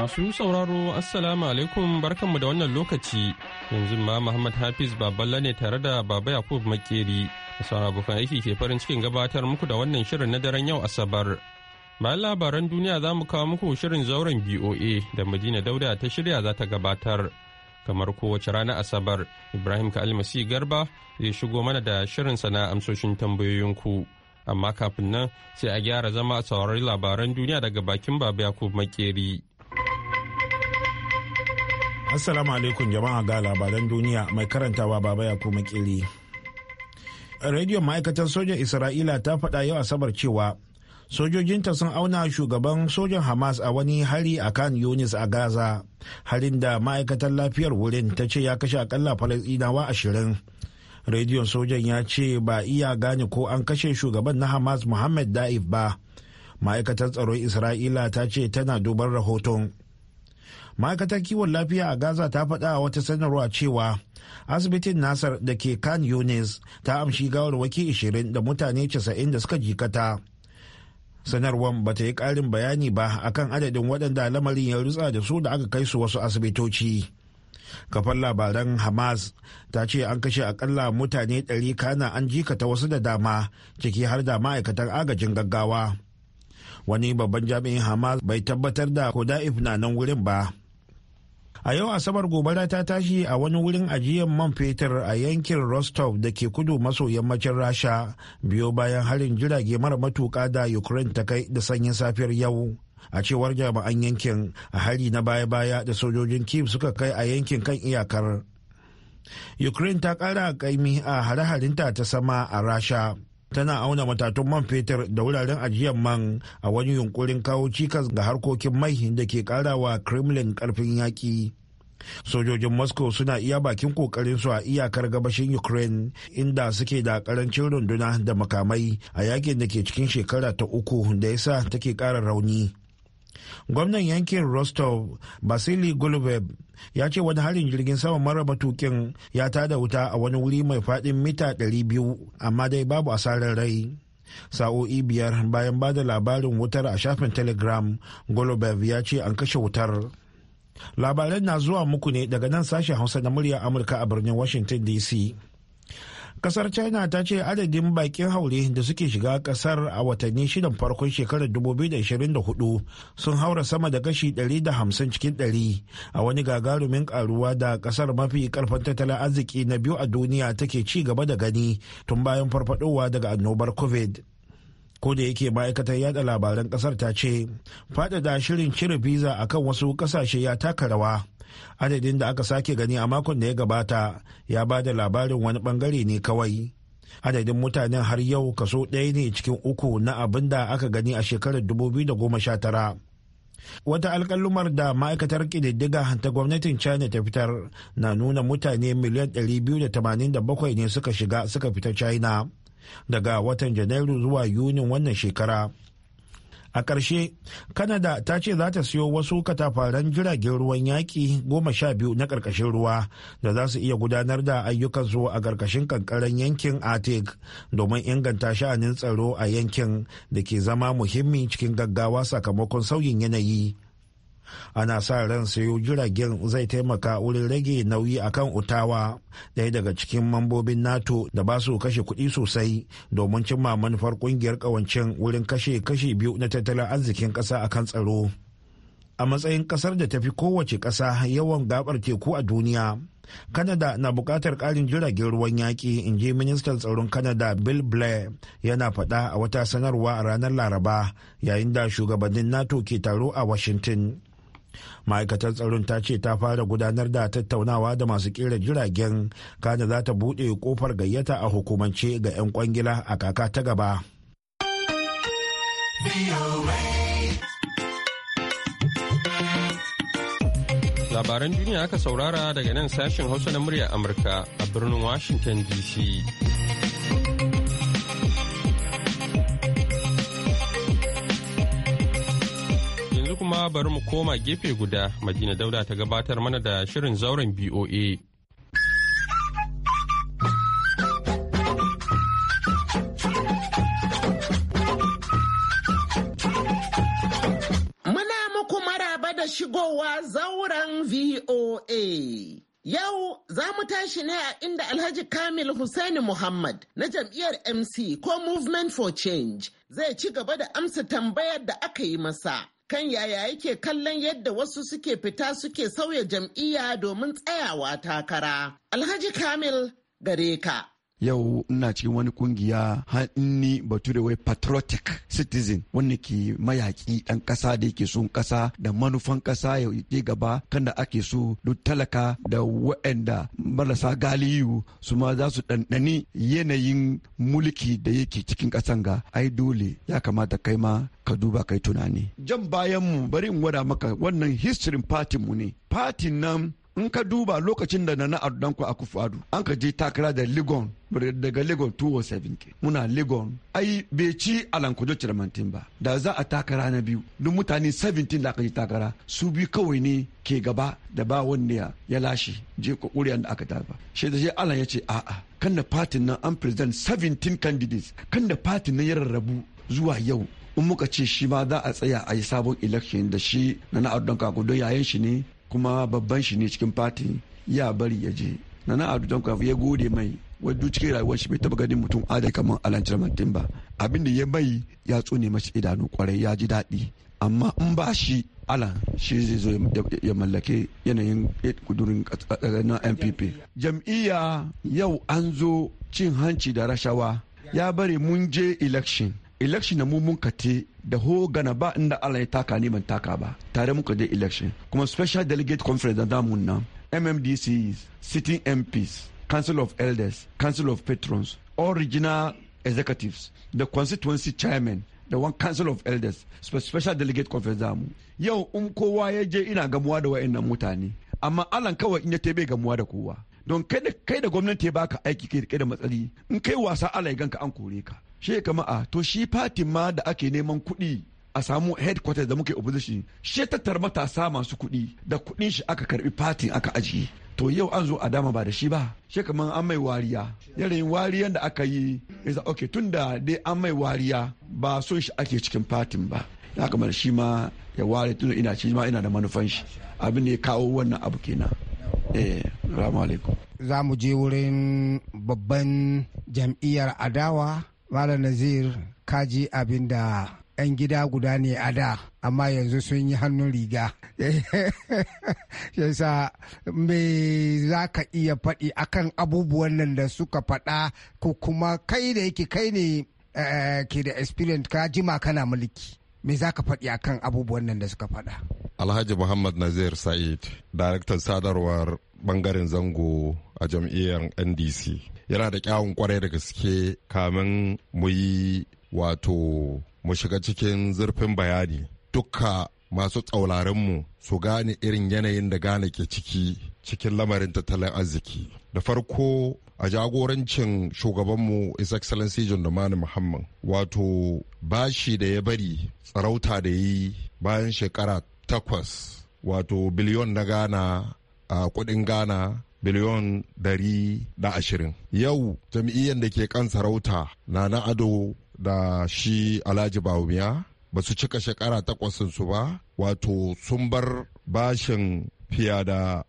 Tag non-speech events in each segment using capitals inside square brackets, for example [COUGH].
Masu sauraro Assalamu alaikum barkanmu da wannan lokaci yanzu ma Muhammad Hafiz Baballa ne tare da Baba Yakub Makeri da sauran abokan aiki ke farin cikin gabatar muku da wannan shirin na daren yau Asabar. Bayan labaran duniya za mu kawo muku shirin zauren BOA da Madina Dauda ta shirya za ta gabatar. Kamar kowace rana Asabar, Ibrahim Kalmasi Garba zai shigo mana da shirin sana amsoshin tambayoyinku. Amma kafin nan sai a gyara zama a saurari labaran duniya daga bakin Baba Yakub Makeri. Assalamu alaikum jama'a ga labaran duniya mai karantawa baba ya kuma kiri. Rediyon ma'aikatar sojan Isra'ila ta faɗa yau Asabar cewa sojojinta sun auna shugaban sojan Hamas a wani hari a kan Yunis a Gaza, harin da ma'aikatar lafiyar wurin ta ce ya kashe akalla Falasɗinawa ashirin. Rediyon sojan ya ce ba iya gane ko an kashe shugaban na Hamas Muhammad Da'if ba. Ma'aikatar tsaron Isra'ila ta ce tana duban rahoton. ma'aikatar kiwon lafiya a gaza ta faɗa wata sanarwa cewa asibitin nasar da ke kan yunis ta amshi gawarwaki 20 da mutane 90 da suka jikata sanarwar ba ta yi ƙarin bayani ba akan adadin waɗanda lamarin ya rutsa da su da aka kai su wasu asibitoci kafar labaran hamas ta ce an kashe akalla mutane 100 kana an jikata wasu da dama ciki har da ma'aikatan agajin gaggawa wani babban jami'in hamas bai tabbatar da ko na nan wurin ba a yau asabar gobara ta tashi a wani wurin ajiyar man fetur a yankin rostov da ke kudu maso yammacin rasha biyo bayan harin jirage mara matuka da ukraine ta kai da sanyin safiyar yau a cewar jami'an yankin a hari na baya-baya da sojojin kiev suka kai a yankin kan iyakar ukraine ta kara kaimi a hare-harinta ta sama a rasha tana auna matatun man fetur da wuraren ajiyar man a wani yunkurin kawo cikas ga harkokin mai da ke karawa kremlin karfin yaƙi sojojin moscow suna iya bakin su a iyakar gabashin ukraine inda suke da karancin runduna da makamai a yakin da ke cikin shekara ta uku da yasa take kara rauni gwamnan yankin rostov basili golubev ya ce wani harin jirgin sama mara matukin ya tada wuta a wani wuri mai fadin mita 200 amma dai babu asarar rai sa'o'i biyar bayan ba da labarin wutar a shafin telegram golubev ya ce an kashe wutar labaran na zuwa muku ne daga nan sashen hausa na murya amurka a birnin washington dc kasar china ta ce adadin bakin haure da suke shiga kasar a watanni shidan farkon shekarar 2024 sun haura sama da kashi 150 cikin 100 a wani gagarumin karuwa da kasar mafi karfin tattalin arziki na biyu a duniya take ci gaba da gani tun bayan farfadowa daga annobar covid ko da yake ma'aikatar yada labaran kasar ta ce faɗaɗa shirin cire visa akan wasu kasashe ya taka rawa adadin da aka sake gani a makon da ya gabata ya ba da labarin wani bangare ne kawai adadin mutanen har yau kaso ɗaya ne cikin uku na abin da aka gani a shekarar 2019 wata alkalumar da ma'aikatar ƙididdiga ta gwamnatin china ta fitar na nuna mutane miliyan 287 ne suka shiga suka fita china daga watan janairu zuwa yunin wannan shekara a ƙarshe kanada ta ce za ta siyo wasu katafaren jiragen ruwan yaƙi goma sha biyu na ƙarƙashin ruwa da za su iya gudanar da ayyukansu a ƙarƙashin ƙanƙaren yankin arctic domin inganta sha'anin tsaro a yankin da ke zama muhimmi cikin gaggawa sakamakon sauyin yanayi ana sa ran sayo jiragen zai taimaka wurin rage nauyi akan utawa daya daga cikin mambobin nato da ba su kashe kuɗi sosai domin cimma manufar ƙungiyar ƙawancen wurin kashe kashe biyu na tattalin arzikin ƙasa akan tsaro a matsayin ƙasar da tafi kowace ƙasa yawan gabar teku a duniya kanada na buƙatar ƙarin jiragen ruwan yaƙi in ji ministan tsaron kanada Bill Blair yana faɗa a wata sanarwa a ranar Laraba yayin da shugabannin NATO ke taro a Washington. ma'aikatar tsaron ta ce ta fara gudanar da tattaunawa da masu kera jiragen kana za ta buɗe kofar gayyata a hukumance ga 'yan kwangila a kaka ta gaba labaran duniya aka saurara daga nan sashen hausa na murya amurka a birnin washington dc kuma bari mu koma gefe guda Madina Dauda ta gabatar mana da shirin zauren BOA. Muna muku maraba da shigowa zauren VOA. Yau za mu tashi ne a inda Alhaji Kamil Hussaini Muhammad na jam'iyyar MC ko Movement for Change zai ci gaba da amsa tambayar da aka yi masa. kan yaya yake kallon yadda wasu suke fita suke sauya jam'iyya domin tsayawa takara. Alhaji Kamil Gareka. yau ina cikin wani kungiya hanni bature wai patriotic citizen wanda ke mayaki ɗan ƙasa da yake son ƙasa da manufan ƙasa ya yi gaba kan da ake so duk talaka da waɗanda marasa galiyu su ma za su ɗanɗani yanayin mulki da yake cikin ƙasan ga ai dole ya kamata kai ma ka duba kai tunani jan bayan mu bari in gwada maka wannan history party mu ne party nan in ka duba lokacin da na na adudanku a kufadu an ka je takara da ligon daga legon 207 ke muna legon ai bai ci alankojo ciramantin ba da za a takara na biyu duk mutane 17 da aka yi takara su bi kawai ne ke gaba da ba wanda ya lashe je kuriyan da aka tafa shi da shi alan ya ce a'a kan da fatin nan an present 17 candidates kan da fatin nan ya rarrabu zuwa yau in muka ce shi ma za a tsaya a yi sabon election da shi na a kako don yayan shi ne kuma babban shi ne cikin fati ya bari ya je na na adu don kwafi ya gode mai wadda cikin rayuwar shi bai taba ganin mutum adai kamar alan jirmantin ba abin da ya bai ya tsone mashi idanu kwarai ya ji daɗi amma in ba shi alan shi zai zo ya mallake yanayin kudurin na mpp jam'iyya yau an zo cin hanci da rashawa ya bari mun je election election na mu mun kate da ho gana ba inda Allah ya taka ni ban taka ba tare muka je election kuma special delegate conference da damun nan MMDCs sitting MPs council of elders council of patrons all regional executives da constituency chairman da one council of elders special delegate conference mu. yau in kowa ya je ina gamuwa da wayannan mutane amma Allah kawai in ya bai gamuwa da kowa don kai da gwamnati ya baka aiki kai da matsali in kai wasa allah ya ganka an kore ka shi kama a ah, to shi ma da ake neman kuɗi a samu headquarters da muke opposition shi tattar matasa masu kuɗi da kuɗin shi aka karbi fatin aka ajiye to yau an zo a dama ba da shi ba shi kamar an mai wariya yanayin wariyan da aka yi isa ok tun da dai an mai wariya ba son shi ake cikin fatin ba ya kamar shi ma ya ware tun ina shi ma ina da manufan shi abin da ya kawo wannan abu kenan eh alaikum za mu je wurin babban jam'iyyar adawa Malam Nazir kaji abin da 'yan gida guda ne a da amma yanzu sun yi hannun riga [LAUGHS] yasa me za ka iya faɗi akan abubuwan nan da suka faɗa ko kuma kai da yake kai ne eh, ke da experience ka jima kana mulki me za ka faɗi akan abubuwan nan da suka faɗa alhaji muhammad nazir sa'id daraktan sadarwar bangaren zango a jam'iyyar ndc yana da kyawun kwarai da gaske kamin mu yi wato mu shiga cikin zurfin bayani duka masu mu su gane irin yanayin da gane ke ciki cikin lamarin tattalin arziki da farko a jagorancin shugabanmu is excellency john domani muhammad wato bashi da ya bari tsarauta da yi bayan shekara takwas wato biliyon na gana a kudin gana. biliyon dari da ashirin yau jam'iyyar da ke kan sarauta na na ado da shi alhaji bawumiya ba su cika shekara su ba wato sun bar bashin fiya da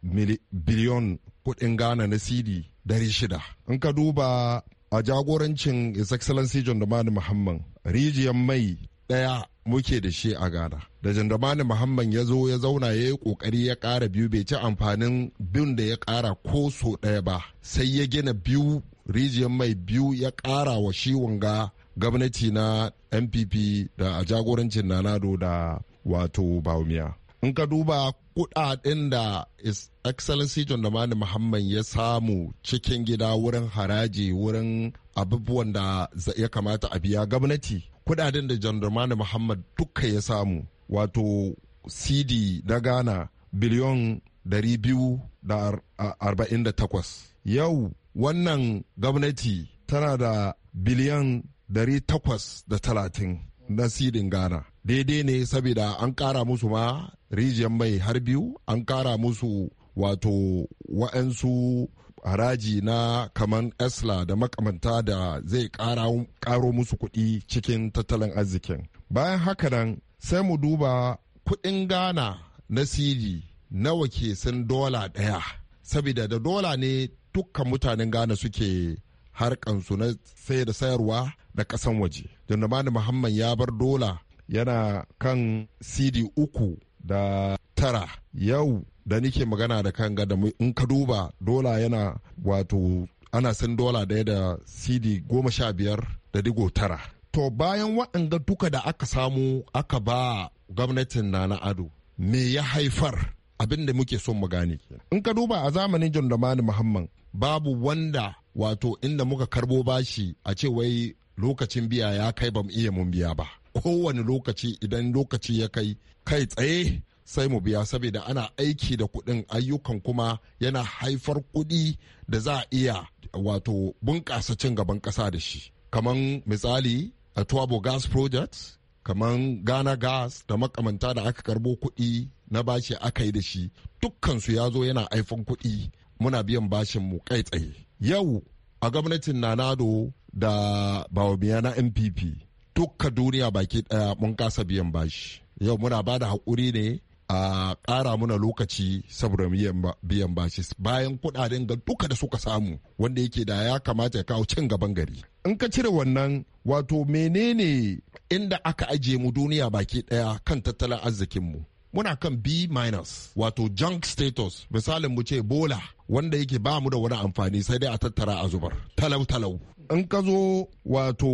biliyon kudin ghana na sidi dari shida in ka duba a jagorancin his excellency john dramani muhammad rijiyar mai ɗaya. muke da shi a gada Da Jandamani Muhammad ya zo ya zauna ya yi kokari ya kara biyu bai ci amfanin bin da ya kara ko so ɗaya ba. Sai ya gina biyu rijiyar mai biyu ya ƙara wa shi wanga gwamnati na NPP da a jagorancin Nanado da wato Bawumiya. In ka duba kudaden da Excellency John damani Muhammad ya samu cikin gida wurin haraji wurin abubuwan da ya kamata a biya gwamnati kudaden da jandarmani muhammad dukka ya samu wato cd na ghana biliyon 248 yau wannan gwamnati tana da biliyan 830 na sidin ghana daidai ne saboda an kara musu ma rijiyar mai har biyu an kara musu wato wa'ansu haraji na kaman esla da makamanta da zai karo musu kuɗi cikin tattalin arzikin bayan haka nan sai mu duba kuɗin ghana na siri nawa ke sun dola ɗaya saboda da dola ne dukkan mutanen ghana suke harkansu na sai da sayarwa da ƙasan waje jindamani muhammad ya bar dola yana kan cd uku da tara yau da nike magana da kan ga da in ka duba dola yana wato ana san dola daya da cd goma sha biyar da digo tara to bayan waɗanga duka da aka samu aka ba gwamnatin na na ado me ya haifar abin da muke son mu gane in ka duba a zamanin john damani muhammad babu wanda wato inda muka karbo bashi a ce wai lokacin biya ya kai ba iya mun biya ba kowane lokaci idan lokaci ya kai kai tsaye sai mu biya saboda ana aiki da kuɗin ayyukan kuma yana haifar kuɗi da za a iya wato bunƙasa cin gaban ƙasa da shi kamar misali a tuwabo gas project kamar ghana gas da makamanta da aka karbo kuɗi na bashi aka yi da shi dukkansu ya zo yana haifan kuɗi muna biyan bashin mu kai tsaye yau a gwamnatin nanado da bawamiya na npp dukka duniya baki ɗaya mun kasa biyan bashi yau muna ba da haƙuri ne a ƙara muna lokaci saboda biyan bashi bayan kuɗaɗen ga duka da suka samu wanda yake da ya kamata ya kawo cin gaban gari in ka cire wannan wato menene inda aka ajiye mu duniya baki ɗaya kan tattalin arzikinmu muna kan b minus wato junk status misalin mu ce bola wanda yake ba mu da wani amfani sai dai a tattara a zubar talau talau in ka zo wato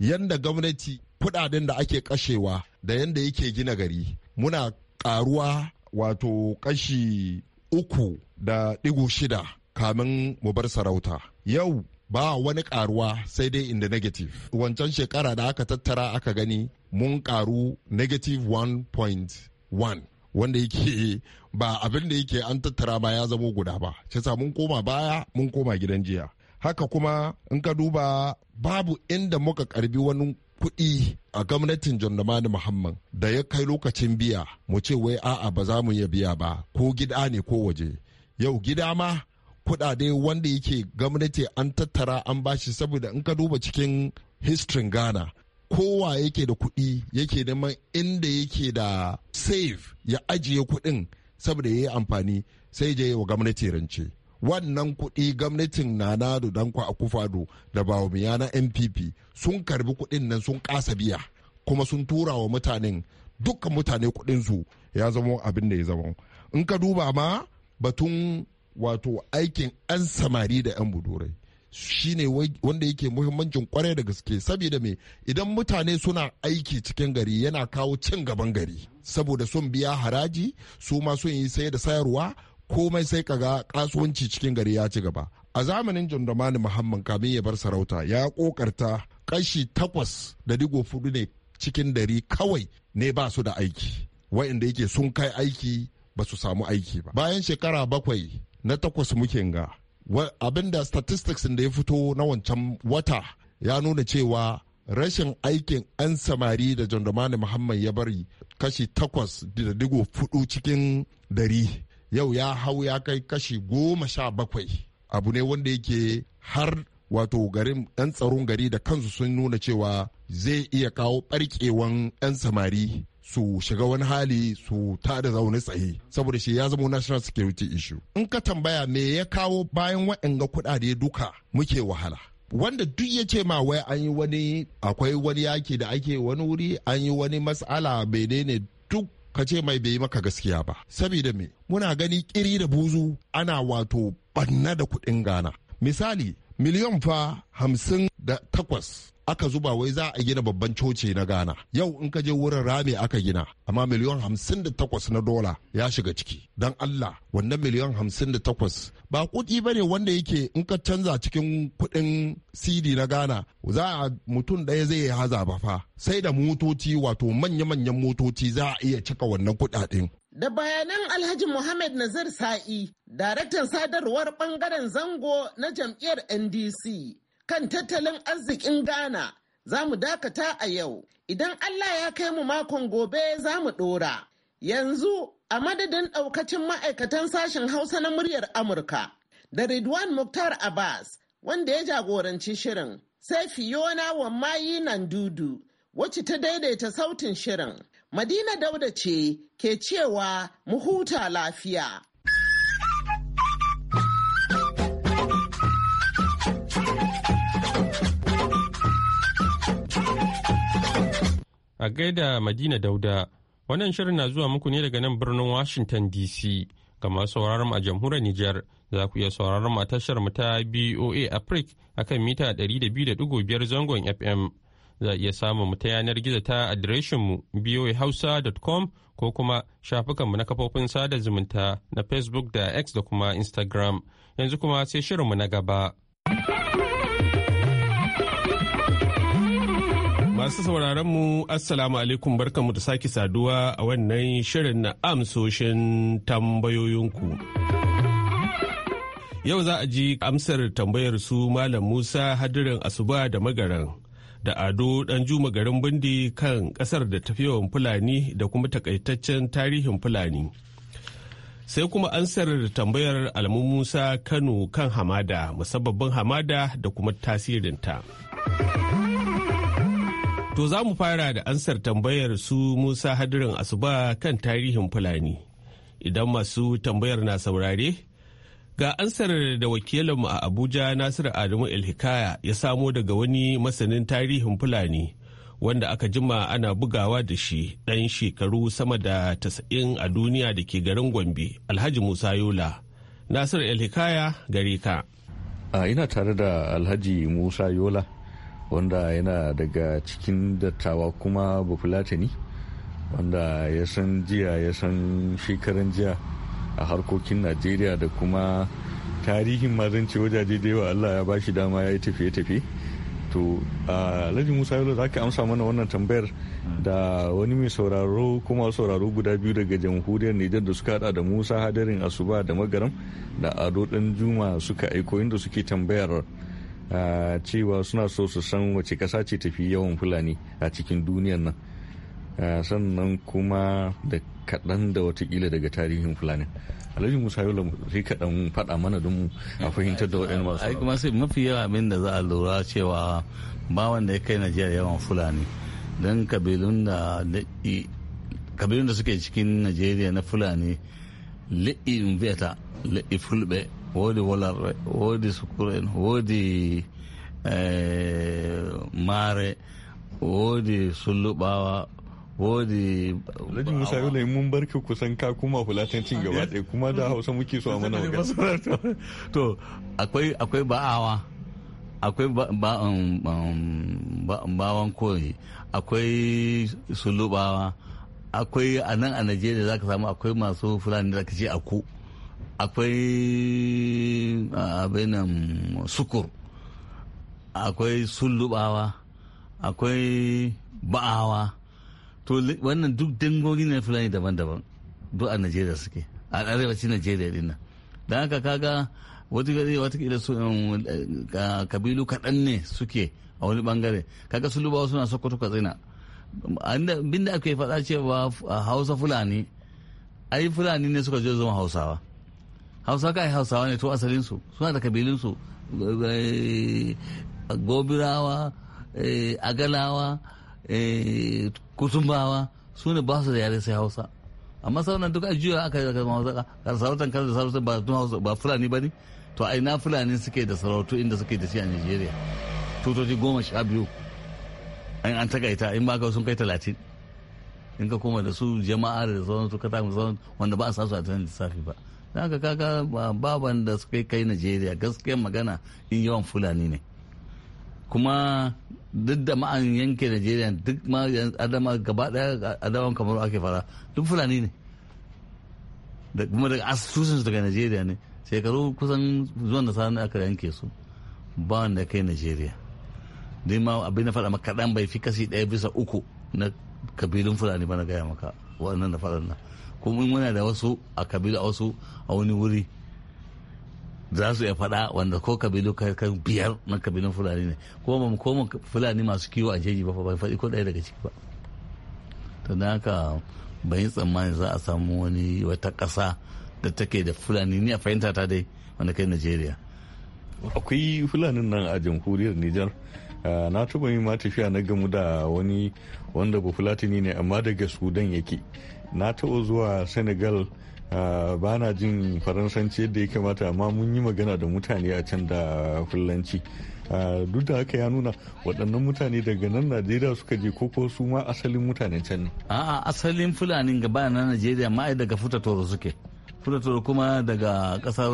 yanda gwamnati kudaden da ake kashewa da yanda yake gina gari muna karuwa wato kashi uku da digo shida kamin mu bar sarauta yau ba wani karuwa sai dai in the negative wancan shekara da aka tattara aka gani mun karu negative 1.1 wanda yake [LAUGHS] ba abin da yake an tattara ba ya zamo guda ba shi mun koma baya mun koma gidan jiya haka kuma in ka duba babu inda muka karbi wani kuɗi a gwamnatin John Dramani Muhammad da ya kai lokacin biya mu ce wai a'a ba za mu iya biya ba ko gida ne ko waje yau gida ma kuɗaɗe wanda yake gwamnati an tattara an bashi saboda in ka duba cikin history Ghana kowa yake da kuɗi yake neman inda yake da save ya ajiye kuɗin saboda ya yi amfani sai je wa gwamnati rance wannan kuɗi gwamnatin nana da dankwa do. da bawumiya na npp sun karbi kuɗin nan sun kasa biya kuma sun tura wa mutanen dukkan mutane kuɗinsu ya zama abin da ya zama in ka duba ma batun wato aikin an samari da 'yan budurai shine wanda yake muhimmancin kwarai da gaske saboda me idan mutane suna aiki cikin gari yana kawo cin gaban gari saboda sun biya haraji su ma sun yi sayar da sayarwa komai sai kaga kasuwanci cikin gari ya ci gaba a zamanin jundamani muhammad kamin ya bar sarauta ya kokarta kashi takwas da digo fudu ne cikin dari kawai ne ba su da aiki wa'inda yake sun kai aiki ba su samu aiki ba bayan shekara bakwai na takwas muke ga abinda statistics da ya fito na wancan wata ya nuna cewa rashin aikin an samari da jandamani muhammad ya bari kashi takwas da digo fudu cikin dari yau ya hau ya kai kashi goma sha bakwai abu ne wanda yake har wato garin 'yan tsaron gari da kansu sun nuna cewa zai iya kawo barkewan 'yan samari su shiga wani hali su ta da zaune tsaye saboda shi ya zama national security issue in ka tambaya me ya kawo bayan waanga kuɗaɗe duka muke wahala wanda duk ya ce ma wai an yi wani akwai wani yaki da ake wani wuri an yi wani mas'ala menene duk ka ce mai bai maka gaskiya ba saboda me muna gani kiri da buzu ana wato banna da kuɗin gana misali miliyan fa hamsin da takwas aka zuba wai za a gina babban coci na ghana yau in ka je wurin rami aka gina amma miliyan hamsin da takwas na dola ya shiga ciki don allah wannan miliyan hamsin da takwas ba kuɗi ba ne wanda yake in ka canza cikin kuɗin cd na ghana za a mutum ɗaya zai yi haza ba fa sai da motoci wato manya-manyan motoci za a iya cika wannan kuɗaɗen da bayanan alhaji Muhammad Nazir Sa'i, daraktan sadarwar bangaren zango na jam'iyyar NDC. kan tattalin arzikin Ghana za mu dakata a yau. Idan Allah ya kai mu makon gobe za mu ɗora. Yanzu a madadin ɗaukacin ma'aikatan sashen Hausa na muryar Amurka da Ridwan Muktar Abbas wanda ya jagoranci shirin sai Fiona Wammayi Nandudu wacce ta daidaita sautin shirin. Madina Dauda ce ke cewa mu huta lafiya. a gaida Madina Dauda. Wannan shirin na zuwa muku ne daga nan birnin Washington DC. Kama sauraron a jamhuriyar Nijar za ku iya sauraron a tashar mu ta BOA Africa akan mita 200.5 zangon FM. Za a iya samun mu ta yanar gizo ta adireshin mu boahausa.com ko kuma shafukanmu na kafofin sada zumunta na Facebook da X da kuma Instagram. Yanzu kuma sai shirin mu na gaba. Masu sauraron mu Assalamu alaikum barkanmu da sake saduwa a wannan shirin na amsoshin tambayoyinku. Yau za a ji amsar tambayar su Malam Musa hadirin Asuba da Magaran da Ado dan Juma garin Bindi kan kasar da tafiyawan Fulani da kuma takaitaccen tarihin Fulani. sai kuma ansar tambayar alamun musa kano kan hamada musabbabin hamada da kuma tasirinta To za mu fara da ansar tambayar su Musa Hadirin Asuba kan tarihin Fulani. Idan masu tambayar na saurare, ga ansar da wakilinmu a Abuja Nasiru Adamu Ilhikaya ya samo daga wani masanin tarihin Fulani wanda aka jima ana bugawa da shi ɗan shekaru sama da tasa'in a duniya da ke garin Gombe, Alhaji Musa Yola. Nasiru Ilhikaya gare ka. ina tare da Alhaji Musa Yola. wanda yana daga cikin dattawa kuma bafulatani wanda ya san jiya ya san shekaran jiya a harkokin najeriya da kuma tarihin mazanci wajaje da yawa allah ya ba shi dama ya yi tafiye-tafiye to alhaji musa yalo za ka amsa mana wannan tambayar da wani mai sauraro kuma sauraro guda biyu daga jamhuriyar nijar da suka hada da musa hadarin asuba da magaram da ado dan juma suka aiko inda suke tambayar cewa suna so su san wace kasa ce tafi yawan fulani a cikin duniyar nan sannan kuma da kaɗan da watakila daga tarihin fulani alhaji musa yola sai kaɗan faɗa mana don a fahimtar da waɗannan masu ai kuma sai mafi yawa abin da za a lura cewa ba wanda ya kai najeriya yawan fulani don kabilun da kabilun da suke cikin najeriya na fulani in viyata li'i fulbe Wodi wolarre wodi sukur en wodi eh, maare sullu sulluɓawa wodi alhaji musa yau mun barke kusan ka kuma cin gaba ɗaya kuma da hausa muke so a mana to akwai akwai ba'awa akwai bawan um, um, koyi akwai sulubawa akwai a nan a najeriya za ka samu akwai masu fulani da ka ce a ku. akwai nan sukur akwai sullubawa akwai ba'awa to wannan duk dangogi na fulani daban-daban duk a najeriya suke a arewacin najeriya din nan don haka kaga wata watakila su um, kabilu kaɗan ne suke a wani bangare kaga sullubawa suna sokoto katsina binda ake faɗa cewa hausa fulani ai fulani ne suka je zama hausawa hausa kai hausawa ne to asalinsu suna da kabilinsu eh, gobirawa eh, agalawa eh, kutumbawa su ne ba su da yare sai hausa amma sauran duk ajiyar aka yi hausa sarautar kan da sarauta ba tun hausa ba fulani ba ne to a ina fulani suke da sarautu inda suke da shi a nigeria tutoci goma sha biyu an takaita in ba ka sun kai talatin in ka koma da su jama'a da sauran su kata wanda ba a sasu a tunan lissafi ba don haka kaga baban da suka kai najeriya gaskiyar magana in yawan fulani ne kuma duk da ma'an yanke najeriya duk ma adama gaba daya adama kamar ake fara duk fulani ne da kuma daga asusun daga najeriya ne shekaru kusan zuwan da sani aka yanke su ba wanda kai najeriya dai ma abin da faɗa maka kaɗan bai fi kasi ɗaya bisa uku na kabilun fulani ba na gaya maka waɗannan da faɗan nan kuma muna da wasu a kabilu a wasu a wani wuri za su iya faɗa wanda ko kabilu kan biyar na kabilun fulani ne ko ba koma fulani masu kiwo a jeji ba ba faɗi ko ɗaya daga ciki ba to don haka ban yi tsammani za a samu wani wata ƙasa da take da fulani ni a fahimta ta dai wanda kai najeriya akwai fulanin nan a jamhuriyar nijar na taba yi ma tafiya na gamu da wani wanda ba ne amma daga sudan yake na taɓa zuwa senegal ba na jin faransanci yadda ya kamata amma mun yi magana da mutane a can da fulanci duk da haka ya nuna waɗannan mutane daga nan najeriya suka je koko su ma asalin mutanen can ne a'a asalin fulanin gaba na najeriya ma daga futa toro suke furtoro kuma daga kasar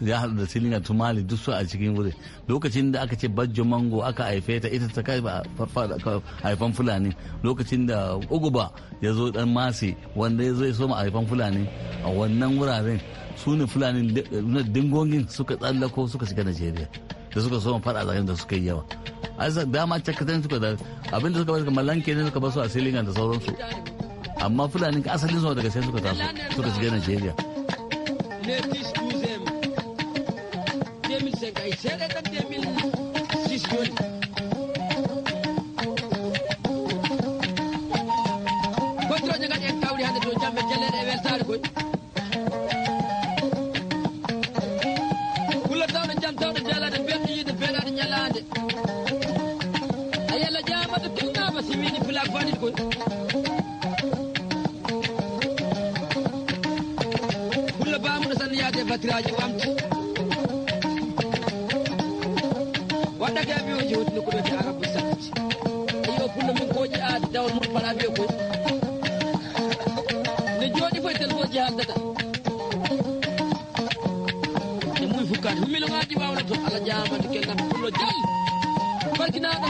ya haɗu da silina tumali duk su a cikin wuri lokacin da aka ce bajjo mango aka haife ta ita ta kai haifan fulani lokacin da uguba ya zo dan masi wanda ya zo ya soma haifan fulani a wannan wuraren su ne fulani dingongin suka tsallako suka shiga najeriya da suka soma fada tsakanin da suka yi yawa a dama cakatan suka da abinda suka bar malanke ne suka basu a silina da sauransu amma fulani asalin su daga sai suka taso suka shiga najeriya 2010 12e 2005 ay seeɗe tan 2006 joni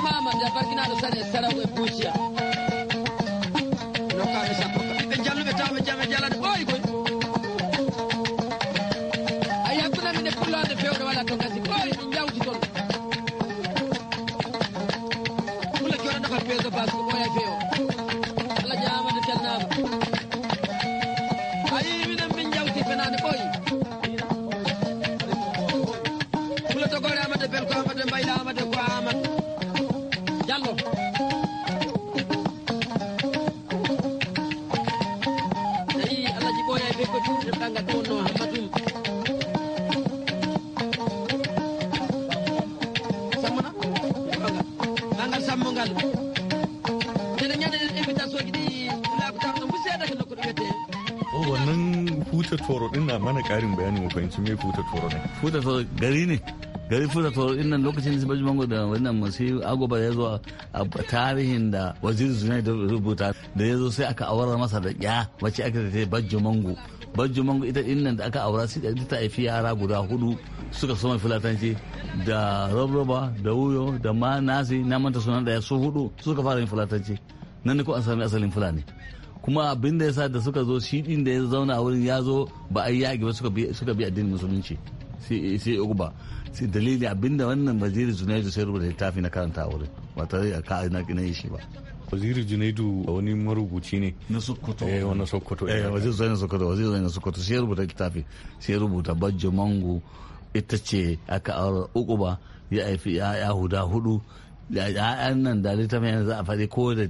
hama the parking da sanin sarawai kuciya mana karin bayanin mu fahimci me futa toro ne futa toro gari ne gari futa toro din nan lokacin da Sibaji Bango da wannan masu agoba ya zo a tarihin da waziri Zunai da rubuta da ya zo sai aka awar masa da ya wace aka ta Bajjo Mango Bajjo Mango ita din nan da aka aura da ta haifi yara guda hudu suka soma filatanci da robraba da wuyo da ma nasi na manta sunan da ya su hudu suka fara yin filatanci nan ne ko an sami asalin fulani kuma abin da yasa da suka zo shi din da ya zauna a wurin ya zo ba a yi yaƙi ba suka bi addinin musulunci sai ba sai dalili da wannan waziri junaidu sai rubuta littafi na karanta a wurin ba tare da ka na yi shi ba waziri junaidu wani marubuci ne na sokoto eh wani sokoto eh, eh. waziri zai na sokoto waziri zai na sokoto sai rubuta littafi sai rubuta bajjo mango ita ce aka aure ba ya haifi ya huda hudu ya'yan nan da littafin za a faɗi ko da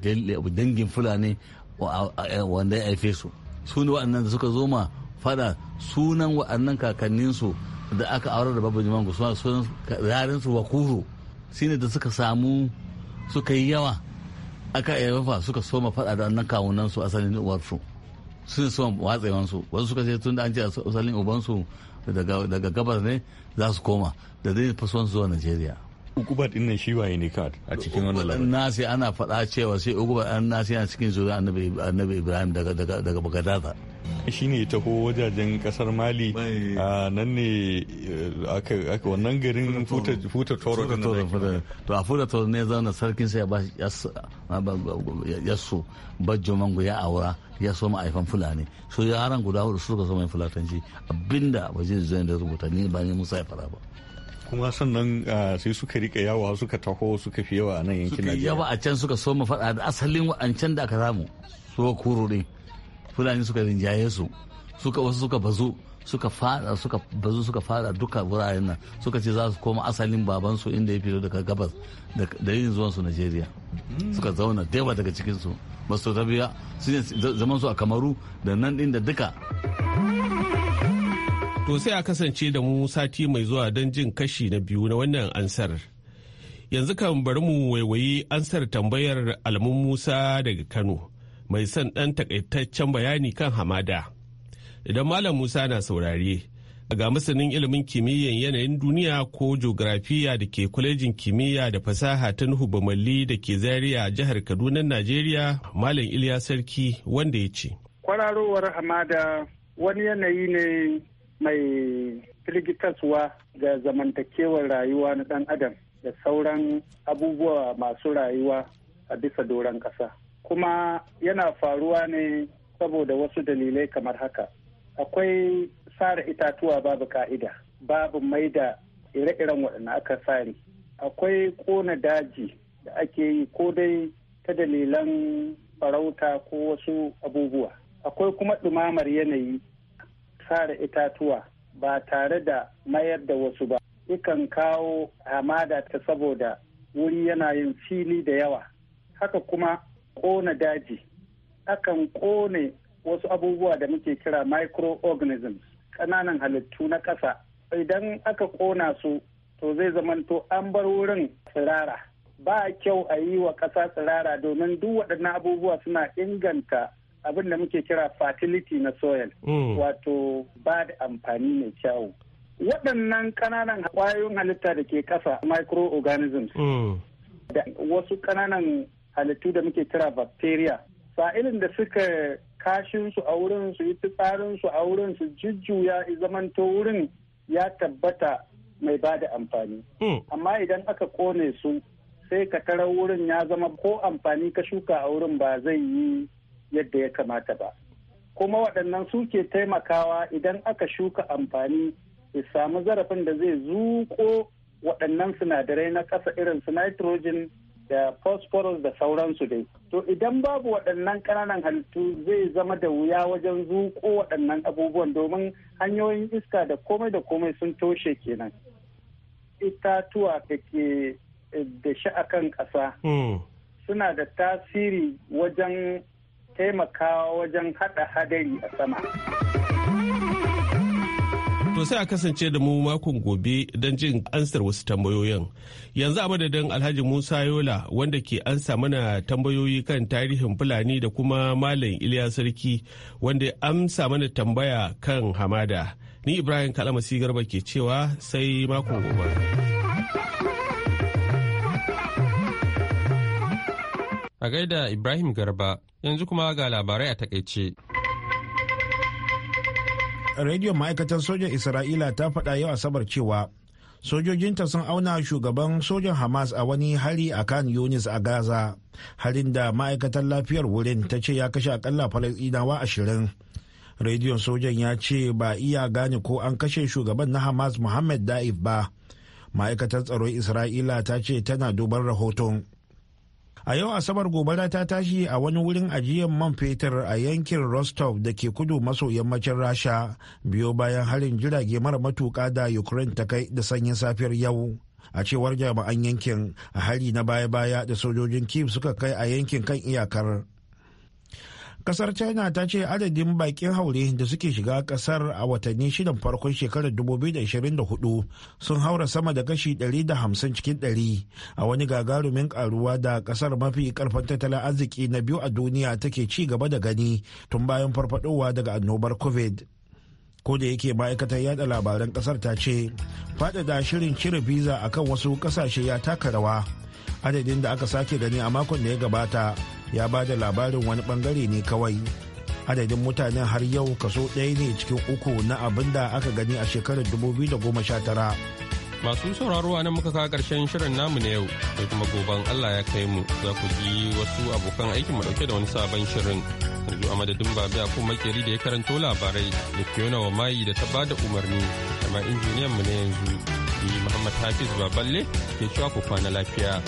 dangin fulani Eh, wanda ya haife su su ne waɗannan da suka zo ma fada sunan waɗannan kakanninsu da aka aurar da babban jimangu sunan su wakuru su ne da suka samu suka yi yawa aka yawafa suka soma fada da wannan su asalin uwar su ne soma su wasu suka ce tun da an ce asalin ubansu daga gabas ne za su koma da zai fi son zuwa najeriya ukubar din nan shi waye ne kad a cikin wannan labarin nasi ana faɗa cewa sai ukuba an nasi yana cikin zuwa annabi annabi Ibrahim daga daga daga Bagadaza shi ne taho wajajen kasar mali a nan ne eh, aka wannan garin futa toro to a futa toro ne zauna sarkin sai ya so bajjo mango ya aura ya so ma'aifan fulani so yaran guda hudu suka so mai fulatanci abinda ba zai zai da rubuta ni ba ne musa ya fara ba kuma sannan ah, sai suka rika yawa suka taho suka fi yawa a nan yankin Najeriya. Suka yawa a can suka so mu faɗa da asalin wa'ancan da aka samu suka kuro ne Fulani suka rinjaye su suka wasu suka bazu suka fada suka bazu suka fada duka wuraren nan suka ce za su koma asalin babansu inda ya fito daga gabas da yin zuwan su Najeriya hmm. suka zauna da daga cikin su masu tabiya su zaman su a Kamaru da nan din da duka. To sai a kasance da mu sati mai zuwa don jin kashi na biyu na wannan ansar. Yanzu kan bari mu waiwayi ansar tambayar alamun Musa daga Kano, mai son ɗan takaitaccen bayani kan hamada. Idan Malam Musa na saurare, ga masanin ilimin kimiyyar yanayin duniya ko geografiya da ke kwalejin kimiyya da fasaha ta Nuhu Bamalli da ke Zaria a jihar Kaduna, Najeriya, Malam Iliya Sarki wanda ya ce. Kwararowar hamada wani yanayi ne mai firgitaswa ga zamantakewar rayuwa na ɗan adam da sauran abubuwa masu rayuwa a bisa doron ƙasa kuma yana faruwa ne saboda wasu dalilai kamar haka akwai sare itatuwa babu ka'ida babu mai da ire-iren waɗanda aka sare akwai kona daji da ake yi ko dai ta dalilan farauta ko wasu abubuwa akwai kuma ɗumamar yanayi sare itatuwa ba tare da mayar da wasu ba ikan kawo hamada ta saboda wuri yana yin fili da yawa haka kuma ƙona daji akan ƙone wasu abubuwa da muke kira microorganisms ƙananan halittu na ƙasa idan aka ƙona su to zai zamanto an bar wurin tsirara ba kyau a yi wa ƙasa tsirara domin duk waɗannan abubuwa suna inganta abin da muke kira fertility na soil mm. wato ba da amfani mai kyawu waɗannan ƙananan ƙwayoyin halitta da ke ƙasa microorganisms mm. da wasu ƙananan halittu da muke kira bacteria sa'ilin da suka kashin su a wurin su yi fitsarin su a wurin su jujjuya zamanto wurin ya tabbata mai ba da amfani mm. amma idan aka kone su sai ka tarar wurin ya zama ko amfani ka shuka a wurin ba zai yi yadda ya kamata ba kuma waɗannan suke taimakawa idan aka shuka amfani ya samu zarafin da zai zuƙo waɗannan sinadarai na ƙasa irin su nitrogen da phosphorus da sauransu dai to idan babu waɗannan ƙananan halittu zai zama da wuya wajen zuƙo waɗannan abubuwan domin hanyoyin iska da komai da komai sun toshe kenan itatuwa da ke eh, da shi a kan ƙasa hmm. suna da tasiri wajen taimakawa wajen haɗa hadari a sama. To sai a kasance da mu makon gobe don jin ansar wasu tambayoyin. Yanzu a madadin Alhaji Musa Yola wanda ke ansa mana tambayoyi kan tarihin Fulani da kuma Malam Iliya Sarki wanda ya amsa mana tambaya kan hamada. Ni Ibrahim kalamasi Garba ke cewa sai makon gobe. A gaida Ibrahim Garba yanzu kuma ga labarai a takaice. Rediyon ma'aikatar sojan Isra'ila ta faɗa yau Asabar cewa sojojinta sun auna shugaban sojan Hamas a wani hari a kan Yunis a Gaza, harin da ma'aikatar lafiyar wurin ta ce ya kashe akalla Falasɗinawa ashirin. Rediyon sojan ya ce ba iya gane ko an kashe shugaban na Hamas Muhammad Da'if ba. Ma'aikatar tsaron Isra'ila ta ce tana duban rahoton. a yau asabar gobara ta tashi a wani wurin ajiyar man fetur a yankin rostov da ke kudu maso yammacin rasha biyo bayan harin jirage mara matuka da ukraine ta kai da sanyin safiyar yau a cewar jami'an yankin a hari na baya-baya da sojojin kiev suka kai a yankin kan iyakar kasar china ta ce adadin bakin haure da suke shiga kasar a watanni shidan farkon shekarar 2024 sun haura sama da kashi 150 cikin 100 a wani gagarumin karuwa da kasar mafi karfin tattalin arziki na biyu a duniya take ci gaba da gani tun bayan farfadowa daga annobar covid ko da yake ma'aikatar yada labaran kasar ta ce fadada shirin cire visa akan wasu kasashe ya taka rawa adadin da aka sake gani a makon da ya gabata ya ba da labarin wani bangare ne kawai adadin mutanen har yau kaso ɗaya ne cikin uku na abin da aka gani a shekarar 2019 masu sauraro a nan muka kawo ƙarshen shirin namu na yau sai kuma goban allah ya kai mu za ku ji wasu abokan aikin mu dauke da wani sabon shirin yanzu a madadin a ko makeri da ya karanto labarai da fiona wa mayi da ta ba da umarni da injiniyan mu na yanzu ni Muhammad Hafiz Baballe ke cewa ku kwana lafiya.